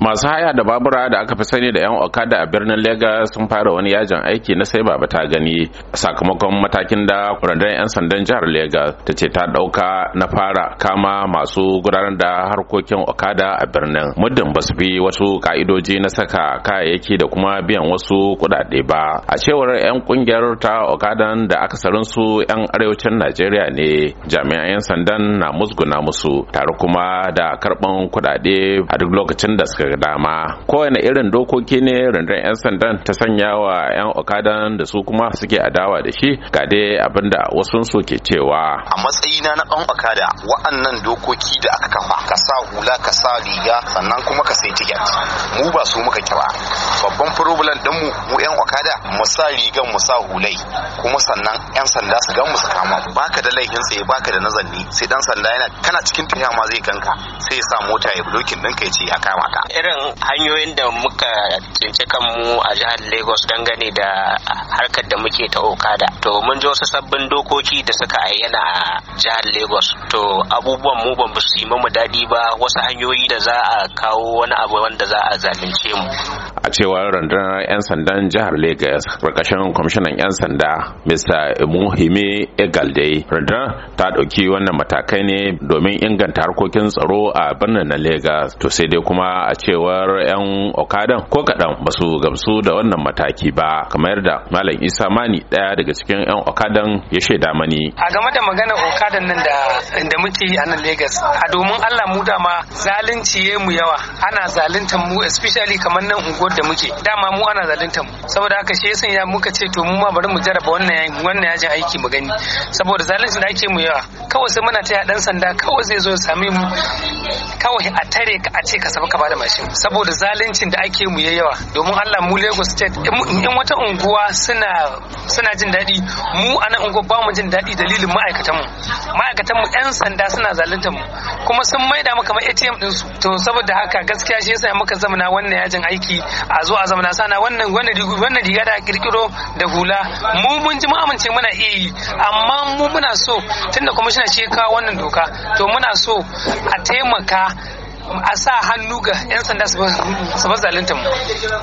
masu haya da babura da aka fi sani da 'yan okada a birnin Legas sun fara wani yajin aiki na sai baba ta gani sakamakon matakin da rundunar 'yan sandan jihar Legas ta ce ta dauka na fara kama masu gudanar da harkokin okada a birnin muddin ba su bi wasu ka'idoji na saka kayayyaki da kuma biyan wasu kudade ba a cewar 'yan kungiyar ta okadan da akasarin su 'yan arewacin najeriya ne jami'an 'yan sandan na musguna musu tare kuma da karban kudade a duk lokacin da suka dama kowane irin dokoki ne rundunar 'yan sandan ta sanya wa 'yan okadan da su kuma suke adawa da shi ga dai abinda wasu su ke cewa a matsayina na ɗan okada wa'annan dokoki da aka kafa ka sa hula ka sa riga sannan kuma ka sai tiket mu ba su muka kira babban problem din mu 'yan okada mu sa riga mu sa hulai kuma sannan 'yan sanda su gan mu su kama baka da laifin tsaye baka da nazarni sai dan sanda yana kana cikin tafiya zai ganka sai ya sa mota ya blokin ɗinka ya ce ya kama ka irin hanyoyin da muka tsinci kanmu a jihar lagos dangane da harkar da muke ta okada to mun ji wasu sabbin dokoki da suka ayyana a jihar lagos to abubuwan mu ban su yi mu daɗi ba wasu hanyoyi da za a kawo wani abu wanda za a zalunce mu a cewar rundunar 'yan sandan jihar lagos karkashin kwamishinan 'yan sanda mr muhimmi egalde rundunar ta ɗauki wannan matakai ne domin inganta harkokin tsaro a birnin na lagos to sai dai kuma a cewar 'yan okadan ko kaɗan ba su gamsu da wannan mataki ba kamar da malam isa mani ɗaya daga cikin 'yan okadan ya shaida mani a game da maganar okadan nan da muke yi a nan lagos a domin allah mu dama zalunci mu yawa ana zaluntar mu especially kamar nan unguwar da muke dama mu ana zalunta mu saboda haka shi yasa ya muka ce to mu ma bari mu jarraba wannan wannan yajin aiki mu gani saboda zalunci da ake mu yawa kawai sai muna taya dan sanda kawai zai zo sami mu kawai a tare ka a ce ka saba ka bada mashin saboda zaluncin da ake mu yawa domin Allah mu Lagos state in wata unguwa suna suna jin daɗi mu a nan unguwa ba mu jin daɗi dalilin ma'aikatan mu ma'aikatan mu yan sanda suna zaluntar mu kuma sun maida mu kamar ATM din su to saboda haka gaskiya shi yasa muka na wannan yajin aiki a zo a na sana wannan wannan riga da kirkiro da hula mu mun ji mu amince muna iya yi amma mu muna so tunda kuma kwamishina shi kawo wannan doka to muna so a taimaka a sa hannu ga 'yan sanda su ba zalunta mu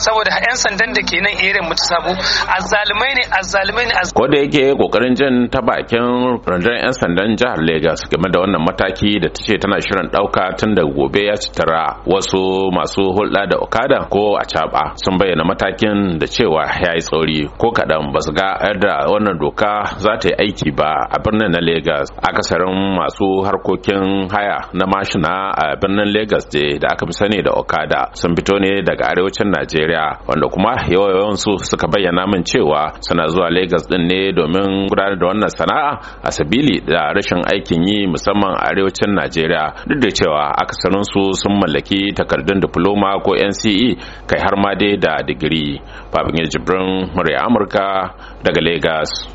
saboda 'yan sandan da ke nan irin mutu sabo azzalumai ne azzalumai ne ko da yake kokarin jin ta bakin rundunar 'yan sandan jihar Legas game da wannan mataki da ta ce tana shirin dauka tun da gobe ya ci tara. wasu masu hulɗa da okada ko a caba sun bayyana matakin da cewa ya yi tsauri ko kaɗan ba su ga yadda wannan doka za ta yi aiki ba a birnin na Legas akasarin masu harkokin haya na mashina a birnin Legas motors je da aka fi sani da okada sun fito ne daga arewacin najeriya wanda kuma yawan su suka bayyana min cewa suna zuwa lagos din ne domin gudanar da wannan sana'a a sabili da rashin aikin yi musamman a arewacin najeriya duk da cewa akasarin su sun mallaki takardun diploma ko nce kai har ma dai da digiri babin jibrin murya amurka daga lagos